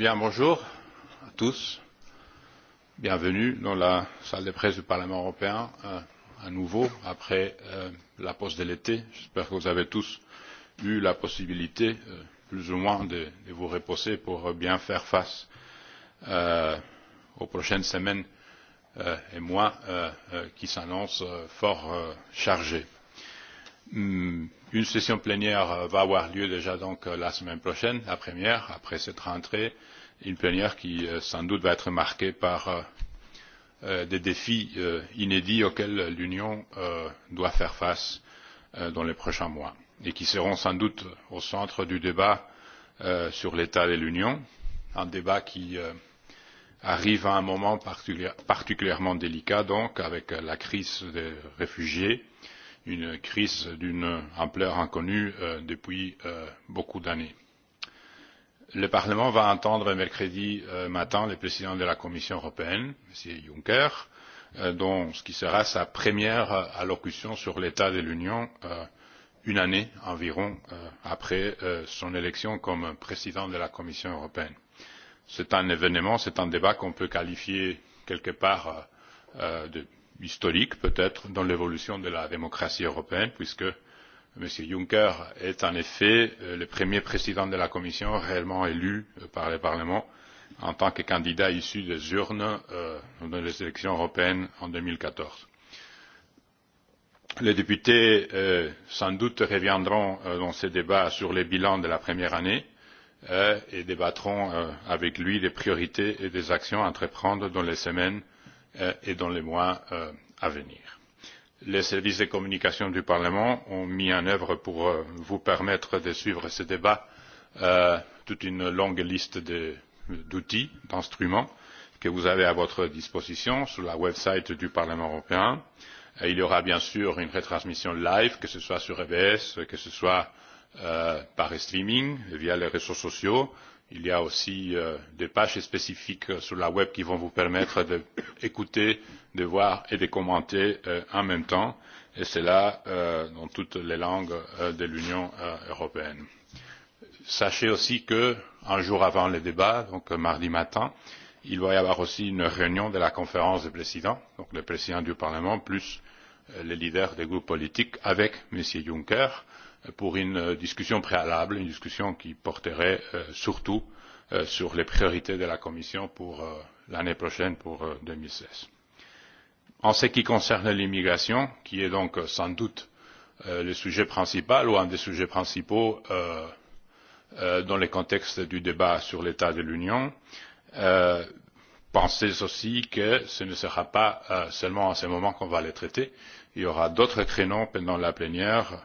Bien, bonjour à tous. Bienvenue dans la salle de presse du Parlement européen à nouveau après la pause de l'été. J'espère que vous avez tous eu la possibilité, plus ou moins, de, vous reposer pour bien faire face aux prochaines semaines et mois qui s'annoncent fort chargés. Une session plénière va avoir lieu déjà donc la semaine prochaine, la première, après cette rentrée une plénière qui sans doute va être marquée par des défis inédits auxquels l'union doit faire face dans les prochains mois et qui seront sans doute au centre du débat sur l'état de l'union un débat qui arrive à un moment particulièrement délicat donc avec la crise des réfugiés une crise d'une ampleur inconnue depuis beaucoup d'années le parlement va entendre mercredi matin le président de la commission européenne m. juncker dans ce qui sera sa première allocution sur l'état de l'union une année environ après son élection comme président de la commission européenne. c'est un événement c'est un débat qu'on peut qualifier quelque part d'historique peut être dans l'évolution de la démocratie européenne puisque m. juncker est en effet le premier président de la commission réellement élu par le parlement en tant que candidat issu des urnes dans les élections européennes en. deux mille quatorze les députés sans doute reviendront dans ce débat sur le bilan de la première année et débattront avec lui des priorités et des actions à entreprendre dans les semaines et dans les mois à venir les services de communication du Parlement ont mis en œuvre pour vous permettre de suivre ce débat toute une longue liste d'outils, d'instruments que vous avez à votre disposition sur la site du Parlement européen. il y aura bien sûr une retransmission live, que ce soit sur EBS, que ce soit par streaming, via les réseaux sociaux, il y a aussi des pages spécifiques sur la web qui vont vous permettre d'écouter de voir et de commenter en même temps et cela dans toutes les langues de l'union européenne. sachez aussi qu'un jour avant le débat donc mardi matin il va y avoir aussi une réunion de la conférence des présidents donc le président du parlement plus les leaders des groupes politiques avec m. juncker pour une discussion préalable une discussion qui porterait surtout sur les priorités de la commission pour l'année prochaine pour deux mille seize en ce qui concerne l'immigration qui est donc sans doute le sujet principal ou un des sujets principaux dans le contexte du débat sur l'état de l'union pensez aussi que ce ne sera pas seulement à ce moment qu'on va les traiter il y aura d'autres créneaux pendant la plénière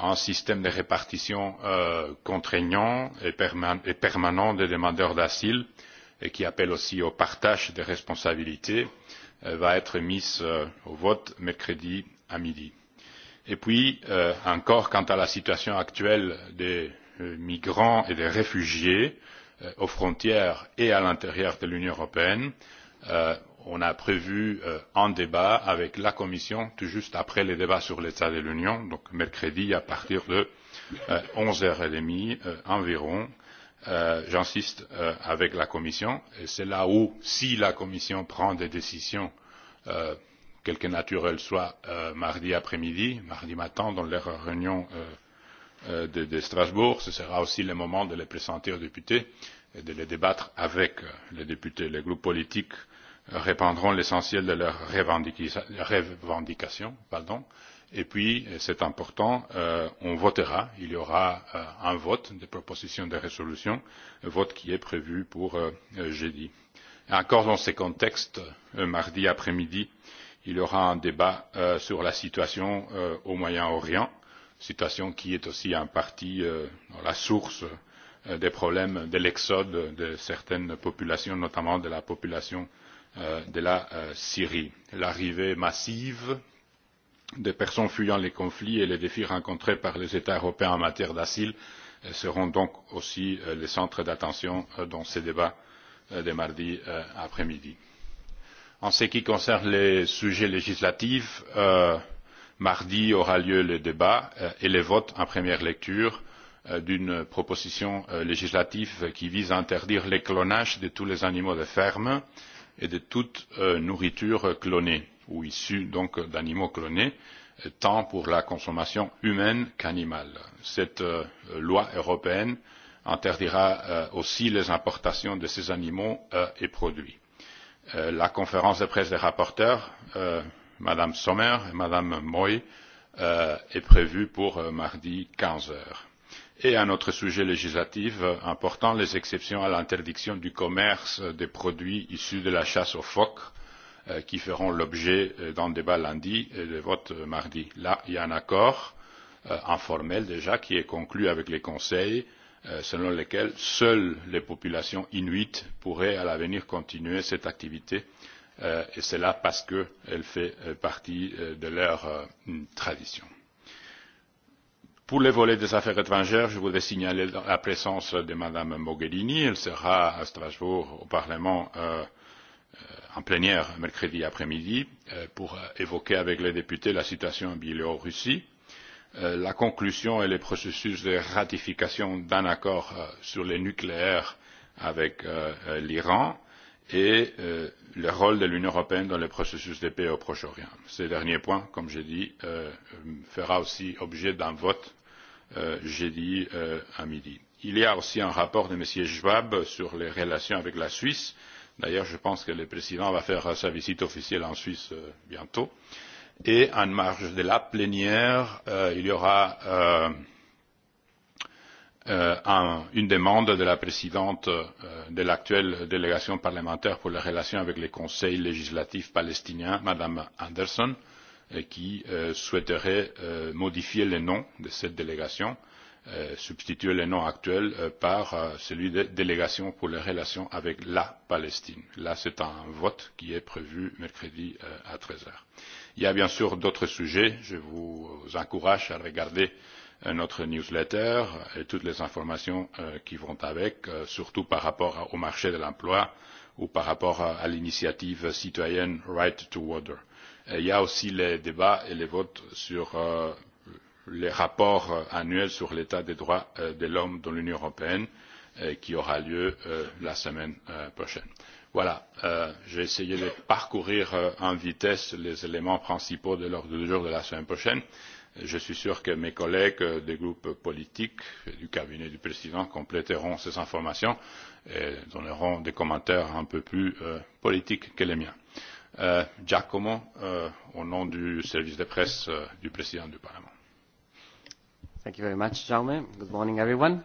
un système de répartition contraignant et, permanent des demandeurs d'asile et qui appelle aussi au partage des responsabilités va être mis au vote mercredi à midi. Et puis, encore quant à la situation actuelle des migrants et des réfugiés aux frontières et à l'intérieur de l'Union européenne, on a prévu un débat avec la commission tout juste après le débat sur l'état de l'union donc mercredi à partir de onze heures et demie environ j'insiste avec la commission et c'est là où si la commission prend des décisions quelque naturelles soient mardi après midi mardi matin dans leur réunion de strasbourg ce sera aussi le moment de les présenter aux députés et de les débattre avec les députés les groupes politiques répandront l'essentiel de leurs revendications. Et puis, c'est important, on votera, il y aura un vote des propositions de résolution, vote qui est prévu pour jeudi. Encore dans ce contexte, mardi après-midi, il y aura un débat sur la situation au Moyen-Orient, situation qui est aussi en partie la source des problèmes de l'exode de certaines populations, notamment de la population de la Syrie. L'arrivée massive des personnes fuyant les conflits et les défis rencontrés par les États européens en matière d'asile seront donc aussi le centre d'attention dans ces débats de mardi après-midi. En ce qui concerne les sujets législatifs, mardi aura lieu le débat et le vote en première lecture d'une proposition législative qui vise à interdire le clonage de tous les animaux de ferme et de toute nourriture clonée ou issue donc d'animaux clonés, tant pour la consommation humaine qu'animale. Cette loi européenne interdira aussi les importations de ces animaux et produits. la conférence de presse des rapporteurs, Mme Sommer et Mme Moi, est prévue pour mardi quinze heures et un autre sujet législatif important les exceptions à l'interdiction du commerce des produits issus de la chasse aux phoques qui feront l'objet d'un débat lundi et de vote mardi. Là, il y a un accord informel déjà qui est conclu avec les conseils selon lequel seules les populations inuites pourraient à l'avenir continuer cette activité et cela parce qu'elle fait partie de leur tradition Pour le volet des affaires étrangères, je voudrais signaler la présence de Mme Mogherini. Elle sera à Strasbourg au Parlement en plénière mercredi après-midi pour évoquer avec les députés la situation en Biélorussie, la conclusion et le processus de ratification d'un accord sur le nucléaire avec l'Iran et le rôle de l'Union européenne dans le processus de paix au Proche-Orient. Ce dernier point, comme j'ai dit, fera aussi objet d'un vote jeudi à midi. il y a aussi un rapport de m. schwab sur les relations avec la suisse d'ailleurs je pense que le président va faire sa visite officielle en suisse bientôt et en marge de la plénière il y aura une demande de la présidente de l'actuelle délégation parlementaire pour les relations avec le conseil législatif palestinien mme anderson euh, qui souhaiteraient modifier le nom de cette délégation, substituer le nom actuel par celui de délégation pour les relations avec la Palestine. Là, c'est un vote qui est prévu mercredi à treize heures. Il y a bien sûr d'autres sujets. Je vous encourage à regarder notre newsletter et toutes les informations qui vont avec, surtout par rapport au marché de l'emploi ou par rapport à, l'initiative citoyenne Right to Water. il y a aussi les débats et les votes sur les rapports annuels sur l'état des droits de l'homme dans l'Union européenne qui aura lieu la semaine prochaine. Voilà, j'ai essayé de parcourir en vitesse les éléments principaux de l'ordre du jour de la semaine prochaine je suis sûr que mes collègues des groupes politiques et du cabinet du président compléteront ces informations et donneront des commentaires un peu plus politiques que les miens. giacomo au nom du service de presse du président du parlement. thank you very much jaume. good morning everyone.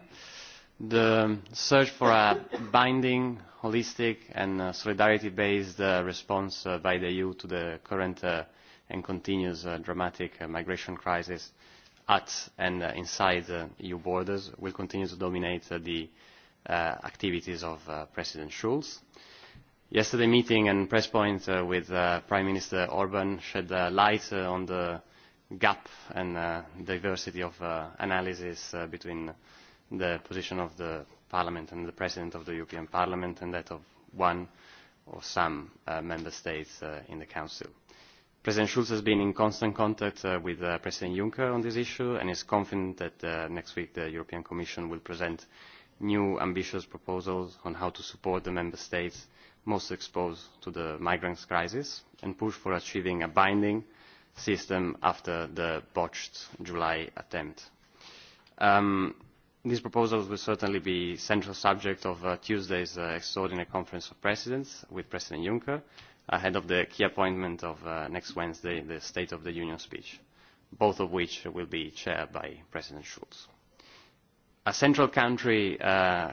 the search for a binding holistic and solidarity based response by the eu to the current and continuous uh, dramatic uh, migration crisis at and uh, inside uh, EU borders will continue to dominate uh, the uh, activities of uh, President Schulz. Yesterday meeting and press point uh, with uh, Prime Minister Orban shed uh, light uh, on the gap and uh, diversity of uh, analysis uh, between the position of the Parliament and the President of the European Parliament and that of one or some uh, member states uh, in the Council President Schulz has been in constant contact uh, with uh, President Juncker on this issue and is confident that uh, next week the European Commission will present new ambitious proposals on how to support the member states most exposed to the migrants crisis and push for achieving a binding system after the botched July attempt. Um, these proposals will certainly be central subject of uh, Tuesday's uh, extraordinary conference of presidents with President Juncker, ahead of the key appointment of uh, next Wednesday, the State of the Union speech, both of which will be chaired by President Schulz. A central country uh,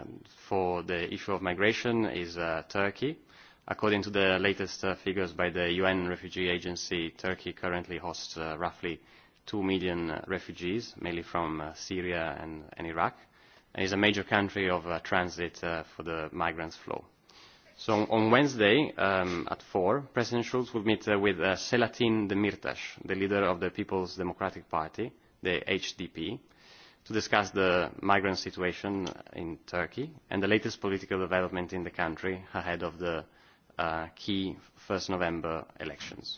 for the issue of migration is uh, Turkey. According to the latest uh, figures by the UN Refugee Agency, Turkey currently hosts uh, roughly 2 million refugees, mainly from uh, Syria and, and Iraq, and is a major country of uh, transit uh, for the migrants' flow. So on Wednesday um, at 4, President Schulz will meet uh, with uh, Selatin Demirtas, the leader of the People's Democratic Party, the HDP, to discuss the migrant situation in Turkey and the latest political development in the country ahead of the uh, key 1st November elections.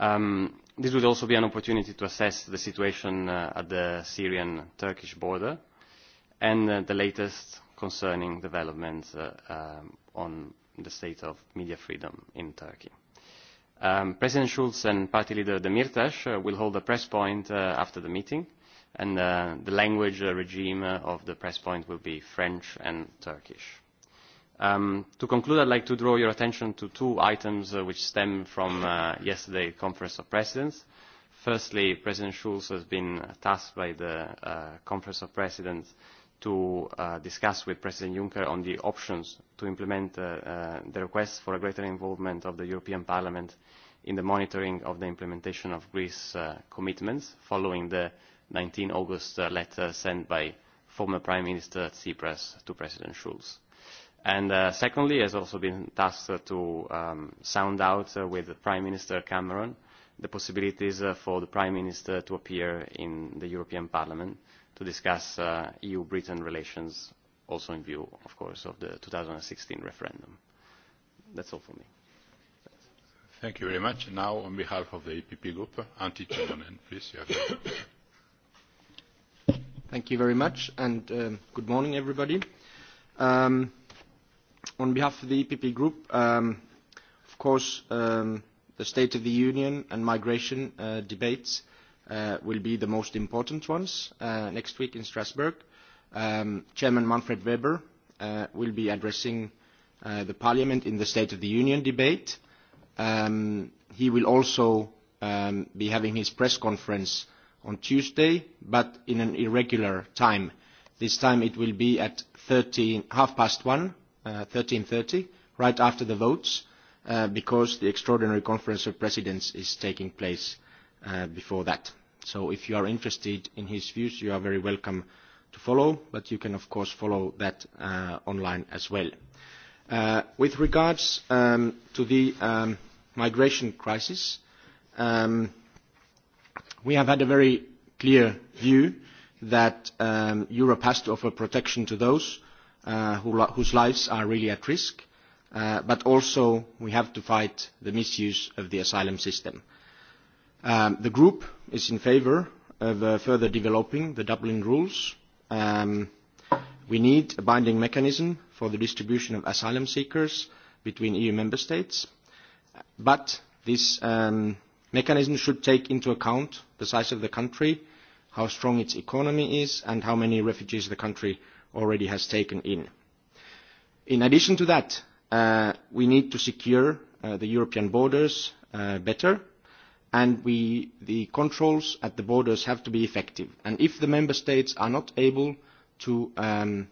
Um, this would also be an opportunity to assess the situation uh, at the Syrian-Turkish border and uh, the latest concerning developments uh, um, on the state of media freedom in Turkey. Um, President Schulz and party leader Demirtas uh, will hold a press point uh, after the meeting, and uh, the language uh, regime uh, of the press point will be French and Turkish. Um, to conclude, I'd like to draw your attention to two items uh, which stem from uh, yesterday's Conference of Presidents. Firstly, President Schulz has been tasked by the uh, Conference of Presidents to uh, discuss with President Juncker on the options to implement uh, uh, the request for a greater involvement of the European Parliament in the monitoring of the implementation of Greece uh, commitments following the 19 August uh, letter sent by former Prime Minister Tsipras to President Schulz. And uh, secondly, has also been tasked to um, sound out uh, with Prime Minister Cameron the possibilities uh, for the Prime Minister to appear in the European Parliament to discuss uh, EU-Britain relations, also in view, of course, of the 2016 referendum. That's all for me. Thank you very much. Now, on behalf of the EPP group, Antti Chilonen, please. You have Thank you very much, and good morning, everybody. Um, on behalf of the EPP group, um, of course, um, the State of the Union and migration uh, debates – will be the most important ones next week in Strasbourg. Chairman Manfred Weber will be addressing the Parliament in the State of the Union debate. he will also be having his press conference on Tuesday, but in an irregular time. This time it will be at 13, half past one, uh, right after the votes, because the extraordinary conference of presidents is taking place before that. So if you are interested in his views, you are very welcome to follow, but you can of course follow that uh, online as well. Uh, with regards um, to the um, migration crisis, um, we have had a very clear view that um, Europe has to offer protection to those uh, who, whose lives are really at risk, uh, but also we have to fight the misuse of the asylum system. Uh, the group is in favour of further developing the Dublin rules. we need a binding mechanism for the distribution of asylum seekers between EU member states, but this mechanism should take into account the size of the country, how strong its economy is, and how many refugees the country already has taken in. In addition to that, we need to secure the European borders better and we, the controls at the borders have to be effective. And if the member states are not able to, um,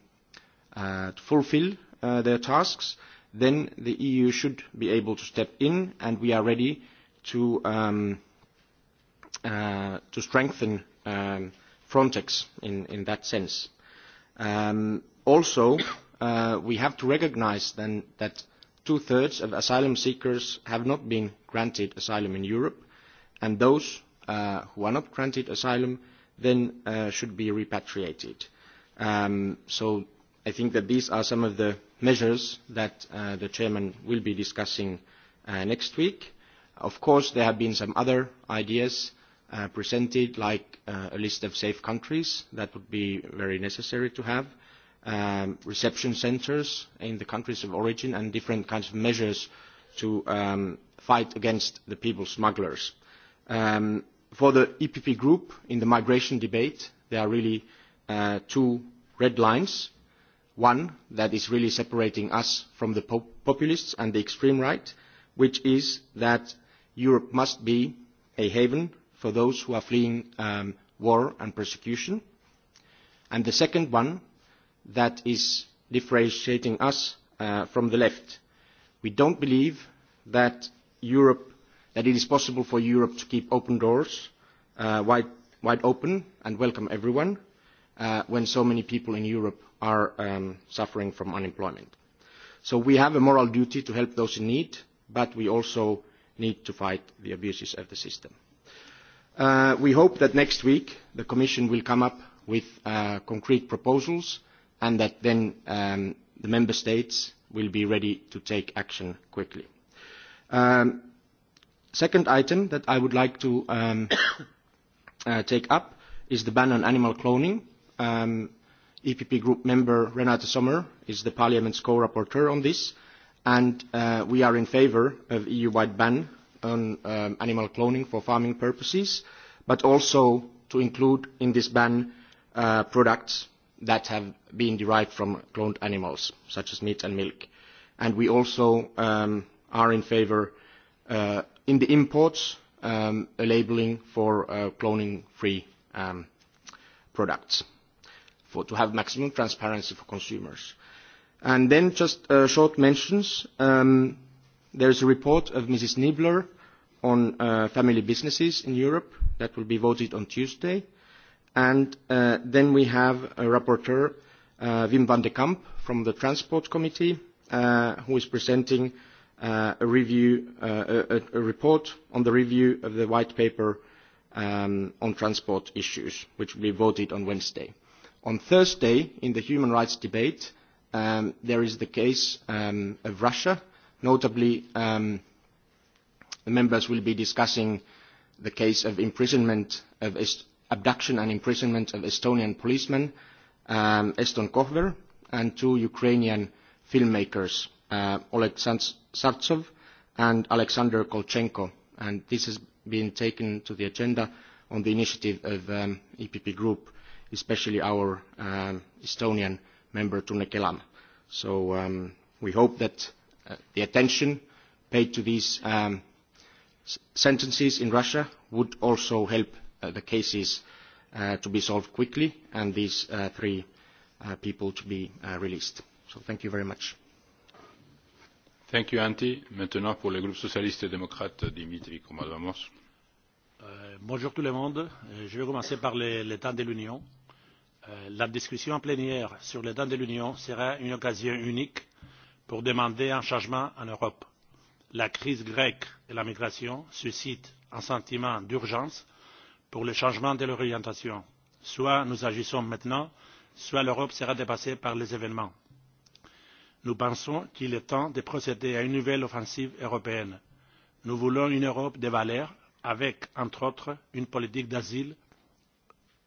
uh, to fulfill uh, their tasks, then the EU should be able to step in, and we are ready to, um, uh, to strengthen um, Frontex in, in that sense. Um, also, uh, we have to recognize then that two-thirds of asylum seekers have not been granted asylum in Europe, and those uh, who are not granted asylum then uh, should be repatriated. Um, so I think that these are some of the measures that uh, the chairman will be discussing uh, next week. Of course, there have been some other ideas uh, presented, like uh, a list of safe countries that would be very necessary to have, um, reception centres in the countries of origin, and different kinds of measures to um, fight against the people smugglers Um, for the EPP group, in the migration debate, there are really uh, two red lines. One that is really separating us from the pop populists and the extreme right, which is that Europe must be a haven for those who are fleeing um, war and persecution. And the second one that is differentiating us uh, from the left. We don't believe that Europe that it is possible for Europe to keep open doors uh, wide, wide open and welcome everyone uh, when so many people in Europe are um, suffering from unemployment. So we have a moral duty to help those in need, but we also need to fight the abuses of the system. Uh, we hope that next week the Commission will come up with uh, concrete proposals and that then um, the Member States will be ready to take action quickly. Um, second item that I would like to um, uh, take up is the ban on animal cloning. Um, EPP group member Renate Sommer is the Parliament's co-rapporteur on this, and uh, we are in favour of EU-wide ban on um, animal cloning for farming purposes, but also to include in this ban uh, products that have been derived from cloned animals, such as meat and milk. And we also um, are in favour uh, uh, in the imports um, a labeling for uh, cloning-free um, products for, to have maximum transparency for consumers. And then just uh, short mentions. Um, is a report of Mrs. Niebler on uh, family businesses in Europe that will be voted on Tuesday. And uh, then we have a rapporteur, uh, Wim van de Kamp from the Transport Committee, uh, who is presenting uh, a review, a, a report on the review of the white paper on transport issues, which will be voted on Wednesday. On Thursday, in the human rights debate, there is the case of Russia. Notably, the members will be discussing the case of imprisonment of abduction and imprisonment of Estonian policeman Eston Kohver and two Ukrainian filmmakers, Oleg Sartsov and Alexander Kolchenko, and this has been taken to the agenda on the initiative of the um, EPP Group, especially our um, Estonian member Tune Kelam. So um, we hope that uh, the attention paid to these um, sentences in Russia would also help uh, the cases uh, to be solved quickly and these uh, three uh, people to be uh, released. So thank you very much. Thank you, Maintenant, pour le groupe socialiste et démocrate, Dimitri Komadamos. bonjour tout le monde. Je vais commencer par l'état de l'Union. la discussion plénière sur l'état de l'Union sera une occasion unique pour demander un changement en Europe. La crise grecque et la migration suscitent un sentiment d'urgence pour le changement de l'orientation. Soit nous agissons maintenant, soit l'Europe sera dépassée par les événements nous pensons qu'il est temps de procéder à une nouvelle offensive européenne. Nous voulons une Europe des valeurs avec, entre autres, une politique d'asile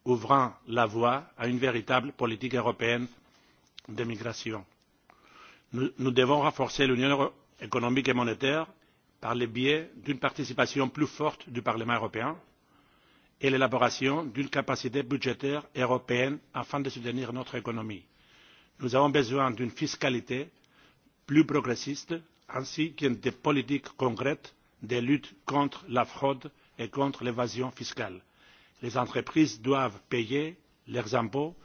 ouvrant la voie à une véritable politique européenne de migration. Nous, devons renforcer l'union économique et monétaire par le biais d'une participation plus forte du Parlement européen et l'élaboration d'une capacité budgétaire européenne afin de soutenir notre économie nous avons besoin d'une fiscalité plus progressiste ainsi que de politiques concrètes de lutte contre la fraude et contre l'évasion fiscale. les entreprises doivent payer leurs impôts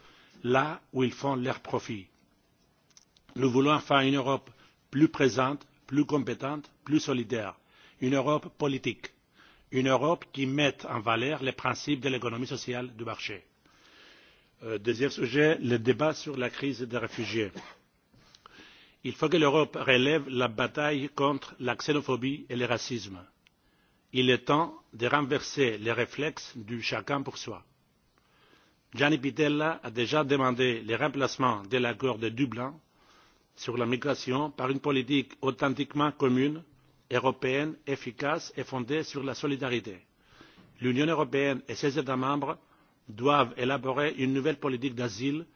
là où elles font leurs profits. nous voulons enfin une europe plus présente plus compétente plus solidaire une europe politique une europe qui mette en valeur les principes de l'économie sociale de marché deuxième sujet le débat sur la crise des réfugiés. il faut que l'europe relève la bataille contre la xénophobie et le racisme. il est temps de renverser les réflexes du chacun pour soi. gianni pittella a déjà demandé le remplacement de l'accord de dublin sur la migration par une politique authentiquement commune européenne efficace et fondée sur la solidarité. l'union européenne et ses états membres doivent élaborer une nouvelle politique d'asile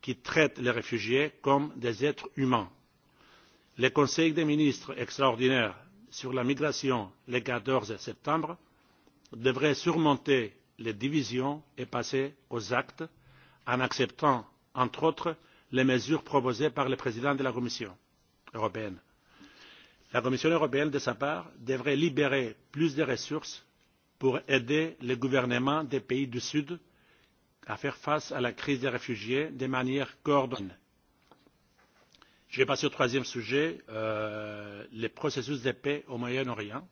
qui traite les réfugiés comme des êtres humains. le conseil des ministres extraordinaire sur la migration le quatorze septembre devrait surmonter les divisions et passer aux actes en acceptant entre autres les mesures proposées par le président de la commission européenne. la commission européenne de sa part devrait libérer plus de ressources pour aider les gouvernements des pays du sud à faire face à la crise des réfugiés de manière coordonnée. je vais passer au troisième sujet le processus de paix au moyen orient.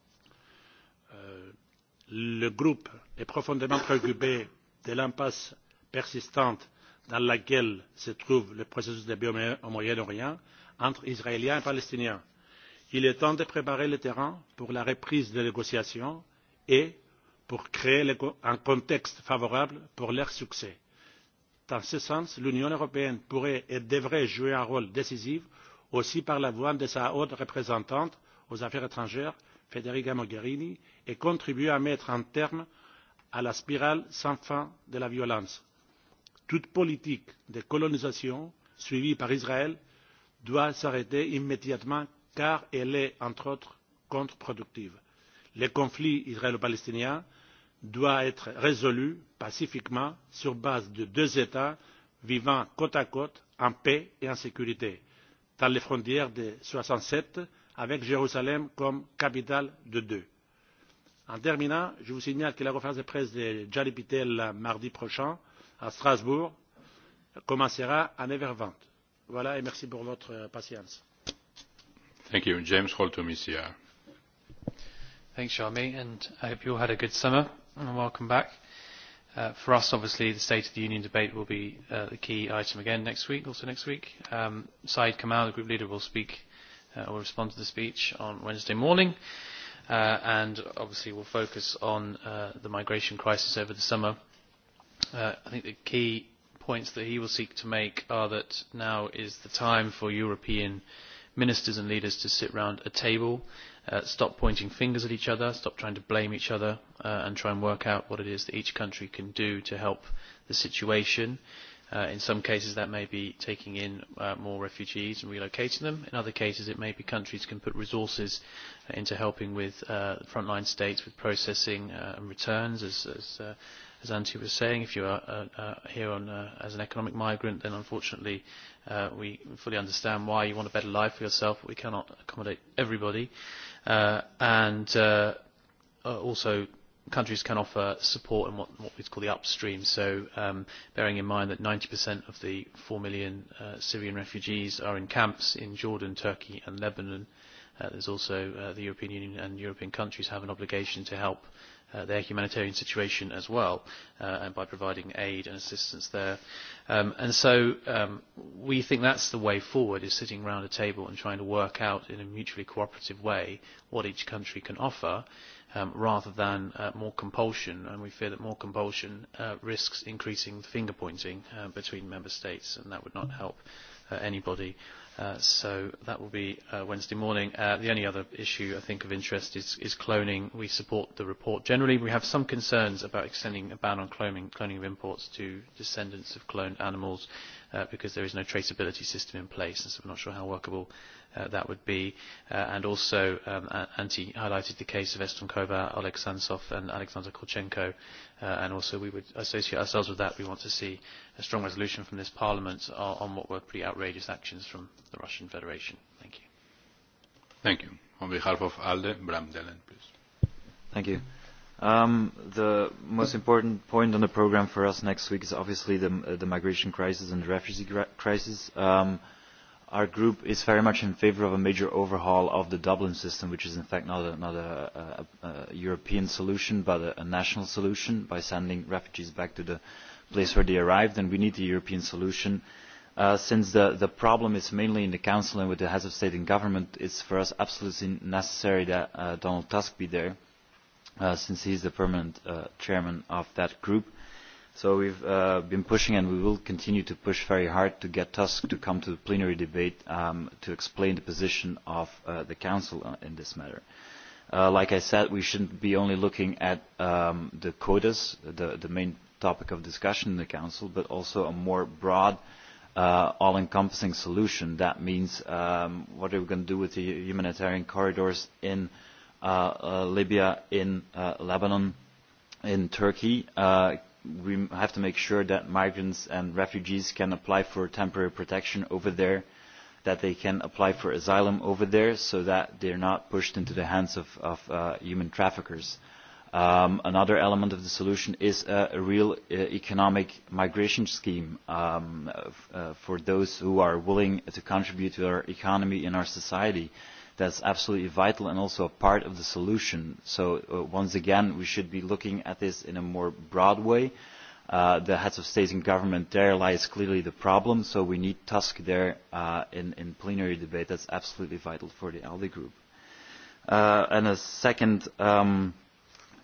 le groupe est profondément préoccupé de l'impasse persistante dans laquelle se trouve le processus de paix au moyen orient entre israéliens et palestiniens. il est temps de préparer le terrain pour la reprise des négociations et pour créer un contexte favorable pour leur succès. Dans ce sens, l'Union européenne pourrait et devrait jouer un rôle décisif aussi par la voix de sa haute représentante aux affaires étrangères, Federica Mogherini, et contribuer à mettre un terme à la spirale sans fin de la violence. Toute politique de colonisation suivie par Israël doit s'arrêter immédiatement car elle est, entre autres, contreproductive. Les conflits israélo palestiniens doit être résolu pacifiquement sur la base de deux états vivant côte à côte en paix et en sécurité dans les frontières de mille neuf cent soixante sept avec jérusalem comme capitale des deux. en terminant je vous signale que la conférence de presse de gianni pittella mardi prochain à strasbourg commencera à neuf heures vingt. voilà et merci pour votre patience and welcome back. Uh, for us, obviously, the State of the Union debate will be uh, the key item again next week, also next week. Um, Saeed Kamal, the group leader, will speak uh, will respond to the speech on Wednesday morning. Uh, and obviously, we'll focus on uh, the migration crisis over the summer. Uh, I think the key points that he will seek to make are that now is the time for European ministers and leaders to sit round a table uh, stop pointing fingers at each other, stop trying to blame each other, uh, and try and work out what it is that each country can do to help the situation. Uh, in some cases, that may be taking in uh, more refugees and relocating them. In other cases, it may be countries can put resources into helping with uh, frontline states with processing uh, and returns, as, as uh, as Antti was saying, if you are uh, uh, here on, uh, as an economic migrant, then unfortunately uh, we fully understand why you want a better life for yourself. But we cannot accommodate everybody. Uh, and uh, also countries can offer support in what, what we call the upstream. So um, bearing in mind that 90% of the 4 million uh, Syrian refugees are in camps in Jordan, Turkey and Lebanon, uh, there's also uh, the European Union and European countries have an obligation to help uh, their humanitarian situation as well uh and by providing aid and assistance there. Um and so um we think that's the way forward is sitting around a table and trying to work out in a mutually cooperative way what each country can offer um rather than uh more compulsion and we fear that more compulsion uh risks increasing finger pointing uh between member states and that would not help anybody. Uh so that will be uh Wednesday morning. Uh the only other issue I think of interest is, is cloning. We support the report. Generally, we have some concerns about extending a ban on cloning, cloning of imports to descendants of cloned animals uh because there is no traceability system in place, and so we're not sure how workable that would be, and also um, highlighted the case of Eston Kova, Oleg Sansov and Alexander Kolchenko, and also we would associate ourselves with that. We want to see a strong resolution from this Parliament on, on what were pretty outrageous actions from the Russian Federation. Thank you. Thank you. On behalf of ALDE, Bram Delen, please. Thank you. Um, the most important point on the program for us next week is obviously the, the migration crisis and the refugee crisis. Um, our group is very much in favour of a major overhaul of the Dublin system, which is in fact not a, not a, a, a European solution, but a, a national solution by sending refugees back to the place where they arrived. And we need the European solution. Uh, since the, the problem is mainly in the Council and with the heads of state and government, it's for us absolutely necessary that uh, Donald Tusk be there, uh, since he's the permanent uh, chairman of that group So we've uh, been pushing and we will continue to push very hard to get Tusk to come to the plenary debate um, to explain the position of uh, the Council in this matter. Uh, like I said, we shouldn't be only looking at um, the quotas, the, the main topic of discussion in the Council, but also a more broad, uh, all-encompassing solution. That means um, what are we going to do with the humanitarian corridors in uh, uh, Libya, in uh, Lebanon, in Turkey? Uh, we have to make sure that migrants and refugees can apply for temporary protection over there, that they can apply for asylum over there so that they are not pushed into the hands of, of uh, human traffickers. Um, another element of the solution is a, a real uh, economic migration scheme um, uh, for those who are willing to contribute to our economy and our society that's absolutely vital and also a part of the solution. So uh, once again, we should be looking at this in a more broad way. Uh, the heads of state and government, there lies clearly the problem, so we need Tusk there uh, in, in plenary debate. That's absolutely vital for the ALDE group. Uh, and a second um,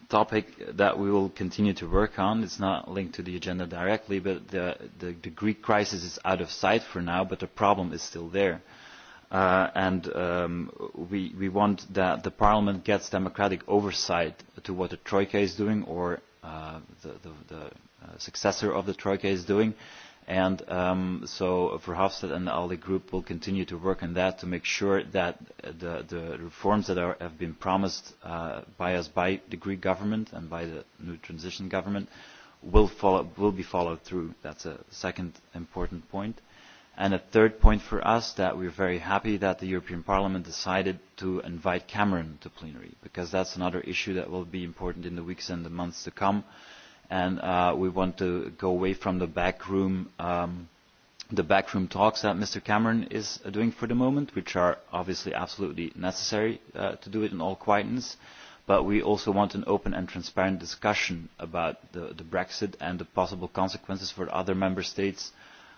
topic that we will continue to work on. It's not linked to the agenda directly, but the, the, the Greek crisis is out of sight for now, but the problem is still there. Uh, and we, we want that the parliament gets democratic oversight to what the troika is doing or uh, the, the, the successor of the troika is doing. And um, so Verhofstadt and the ALDE group will continue to work on that to make sure that the, the reforms that are, have been promised uh, by us, by the Greek government and by the new transition government, will, follow, will be followed through. That's a second important point And a third point for us that we are very happy that the European Parliament decided to invite Cameron to plenary because that's another issue that will be important in the weeks and the months to come. And uh, we want to go away from the backroom, um, the backroom talks that Mr. Cameron is doing for the moment, which are obviously absolutely necessary uh, to do it in all quietness. But we also want an open and transparent discussion about the, the Brexit and the possible consequences for other member states uh,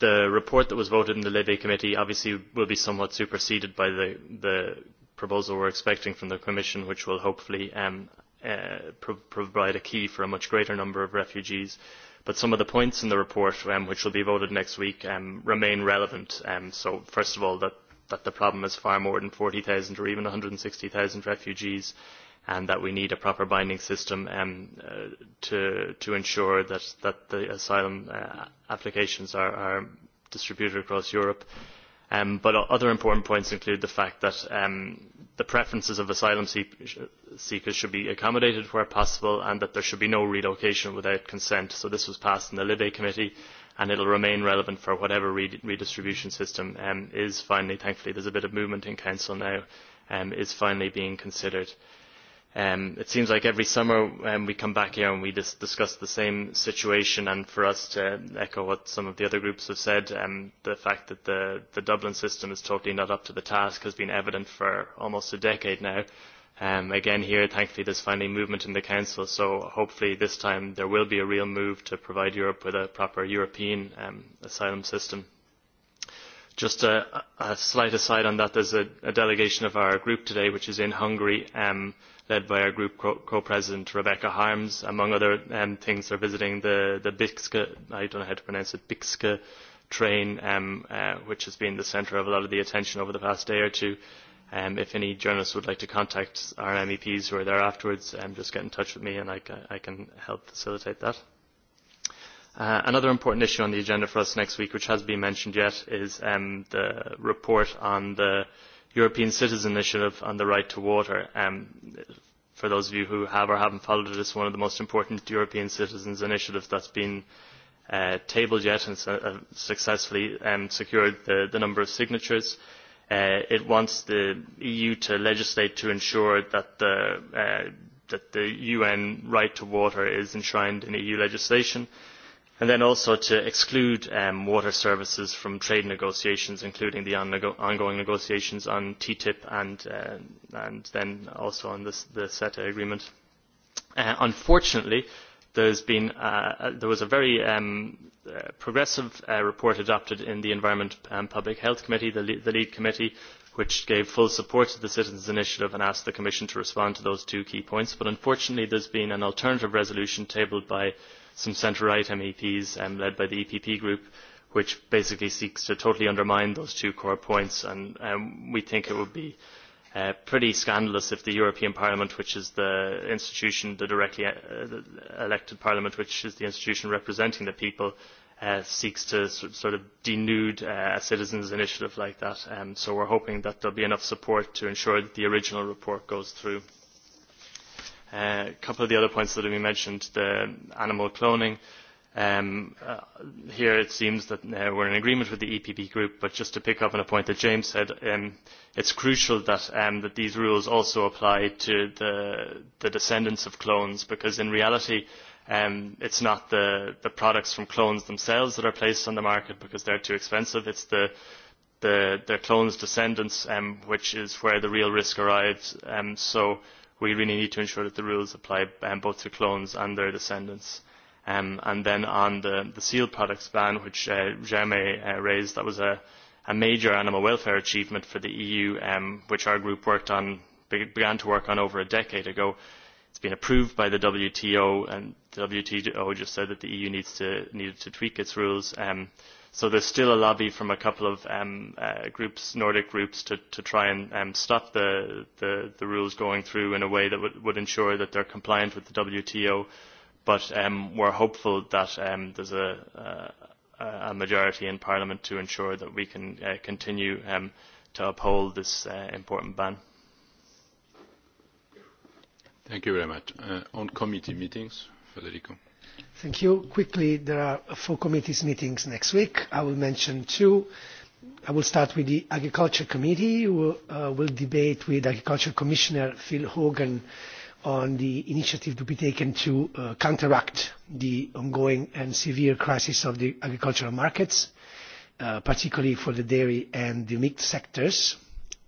the report that was voted in the Levy Committee obviously will be somewhat superseded by the, the proposal we're expecting from the Commission, which will hopefully um, uh, pro provide a key for a much greater number of refugees. But some of the points in the report, um, which will be voted next week, um, remain relevant. Um, so, first of all, that, that the problem is far more than 40,000 or even 160,000 refugees and that we need a proper binding system um, uh, to, to ensure that, that the asylum uh, applications are, are distributed across Europe. Um, but other important points include the fact that um, the preferences of asylum seekers should be accommodated where possible and that there should be no relocation without consent. So this was passed in the Libe Committee and it will remain relevant for whatever redistribution system um, is finally, thankfully, there's a bit of movement in Council now, um, is finally being considered it seems like every summer we come back here and we dis discuss the same situation and for us to echo what some of the other groups have said the fact that the, the Dublin system is totally not up to the task has been evident for almost a decade now. again here thankfully there's finally movement in the council so hopefully this time there will be a real move to provide Europe with a proper European asylum system. Just a, a slight aside on that, there's a, a delegation of our group today which is in Hungary um, led by our group co-president Rebecca Harms. Among other um, things, they're visiting the, the Bixke, I don't know how to pronounce it, Bixke train, um, uh, which has been the centre of a lot of the attention over the past day or two. Um, if any journalists would like to contact our MEPs who are there afterwards, um, just get in touch with me and I, I can help facilitate that. Uh, another important issue on the agenda for us next week, which has been mentioned yet, is um, the report on the European Citizen Initiative on the Right to Water. for those of you who have or haven't followed it, it is one of the most important European citizens' initiatives that has been tabled yet and has successfully secured the, number of signatures. it wants the EU to legislate to ensure that the, UN right to water is enshrined in EU legislation and then also to exclude water services from trade negotiations including the ongoing negotiations on ttip and then also on the ceta agreement. unfortunately there was a very progressive report adopted in the environment and public health committee the lead committee which gave full support to the citizens' initiative and asked the commission to respond to those two key points but unfortunately there has been an alternative resolution tabled by some centre right meps led by the epp group which basically seeks to totally undermine those two core points and we think it would be pretty scandalous if the European Parliament, which is the institution, the directly elected Parliament, which is the institution representing the people, uh, seeks to sort of denude uh, a citizens' initiative like that. Um, so we're hoping that there'll be enough support to ensure that the original report goes through. Uh, a couple of the other points that have been mentioned, the animal cloning. Um, uh, here it seems that uh, we're in agreement with the EPP group, but just to pick up on a point that James said, um, it's crucial that, um, that these rules also apply to the, the descendants of clones, because in reality um, it's not the, the products from clones themselves that are placed on the market because they're too expensive. It's the, the, the clones' descendants, um, which is where the real risk arrives. Um, so we really need to ensure that the rules apply um, both to clones and their descendants. Um, and then on the, the seal products ban, which uh, uh, raised, that was a, a major animal welfare achievement for the EU, um, which our group worked on, began to work on over a decade ago. It's been approved by the WTO, and the WTO just said that the EU needs to, needed to tweak its rules. Um, so there's still a lobby from a couple of um, uh, groups, Nordic groups, to, to try and um, stop the, the, the rules going through in a way that would, would ensure that they're compliant with the WTO. But um, we're hopeful that um, there's a, a, a majority in Parliament to ensure that we can uh, continue um, to uphold this uh, important ban. Thank you very much. Uh, on committee meetings, Federico. Thank you. Quickly, there are four committees meetings next week. I will mention two. I will start with the Agriculture Committee. We uh, will debate with Agriculture Commissioner Phil Hogan on the initiative to be taken to uh, counteract the ongoing and severe crisis of the agricultural markets, uh, particularly for the dairy and the meat sectors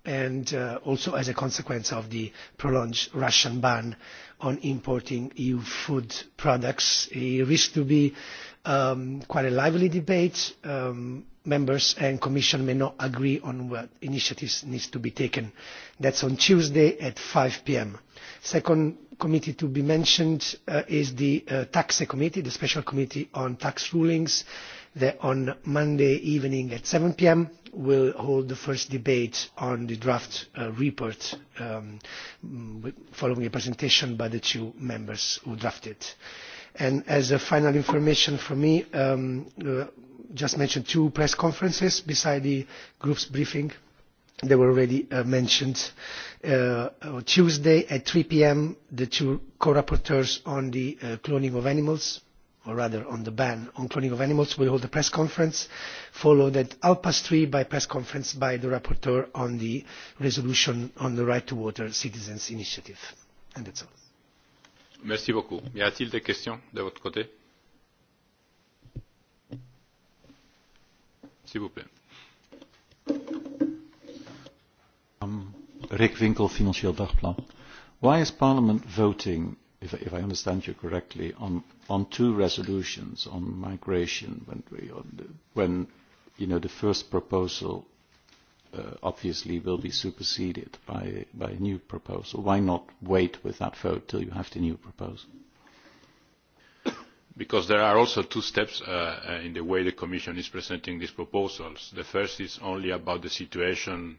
and also as a consequence of the prolonged Russian ban on importing EU food products. It risks to be quite a lively debate. members and Commission may not agree on what initiatives need to be taken. That is on Tuesday at five p.m. Second committee to be mentioned is the Taxe Committee, the Special Committee on Tax Rulings on Monday evening at seven p.m. will hold the first debate on the draft report following a presentation by the two members who drafted. And as a final information from me, um, uh, just mentioned two press conferences beside the group's briefing. They were already uh, mentioned. Uh, Tuesday at 3 p.m., the two co-rapporteurs on the uh, cloning of animals or rather on the ban on cloning of animals will hold a press conference followed at half past three by a press conference by the rapporteur on the resolution on the right to water citizens initiative. And that's all. Merci beaucoup. Y a-t-il des questions de votre côté S'il vous plaît. Um, Rick Winkel, Financieel Dagblad. Why is Parliament voting if I understand you correctly, on two resolutions on migration, when the first proposal obviously will be superseded by by a new proposal. Why not wait with that vote till you have the new proposal? Because there are also two steps in the way the Commission is presenting these proposals. The first is only about the situation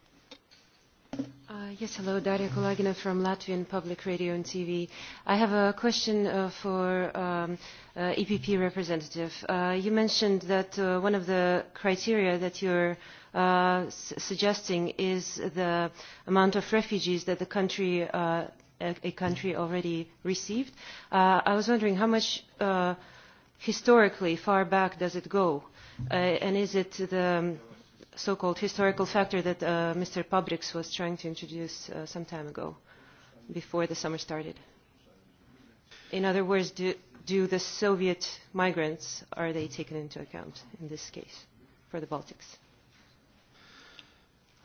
Yes, hello, Daria Kolagina from Latvian Public Radio and TV. I have a question uh, for um, uh, EPP representative. Uh, you mentioned that uh, one of the criteria that you're uh, s suggesting is the amount of refugees that the country, uh, a country already received. Uh, I was wondering how much uh, historically far back does it go? Uh, and is it the... Um, so-called historical factor that uh, Mr. Pabriks was trying to introduce uh, some time ago, before the summer started. In other words, do, do the Soviet migrants, are they taken into account in this case for the Baltics?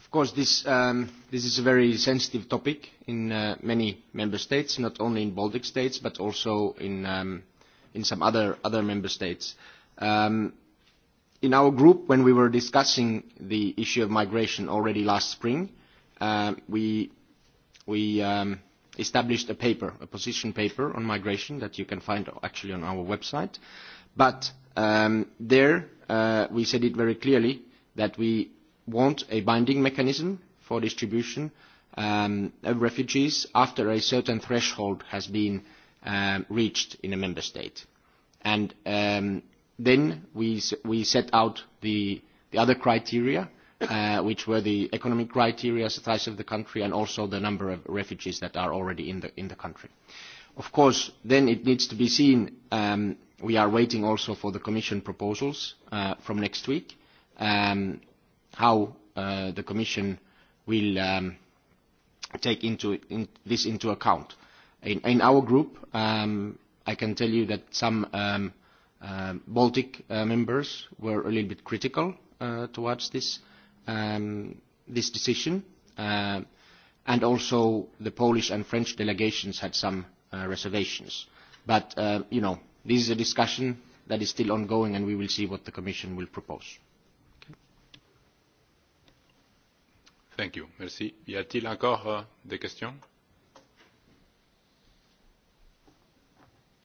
Of course, this, um, this is a very sensitive topic in uh, many member states, not only in Baltic states, but also in, um, in some other, other member states. Um, in our group, when we were discussing the issue of migration already last spring, uh, we, we um, established a paper, a position paper on migration that you can find actually on our website. But um, there uh, we said it very clearly that we want a binding mechanism for distribution um, of refugees after a certain threshold has been um, reached in a member state. And um, Then we set out the other criteria, which were the economic criteria, size of the country, and also the number of refugees that are already in the country. Of course, then it needs to be seen, we are waiting also for the Commission proposals from next week, how the Commission will take this into account. In our group, I can tell you that some Baltic members were a little bit critical towards this decision. and also the Polish and French delegations had some reservations. But, you know, this is a discussion that is still ongoing, and we will see what the Commission will propose. Thank you. Merci. Y a-t-il encore des questions?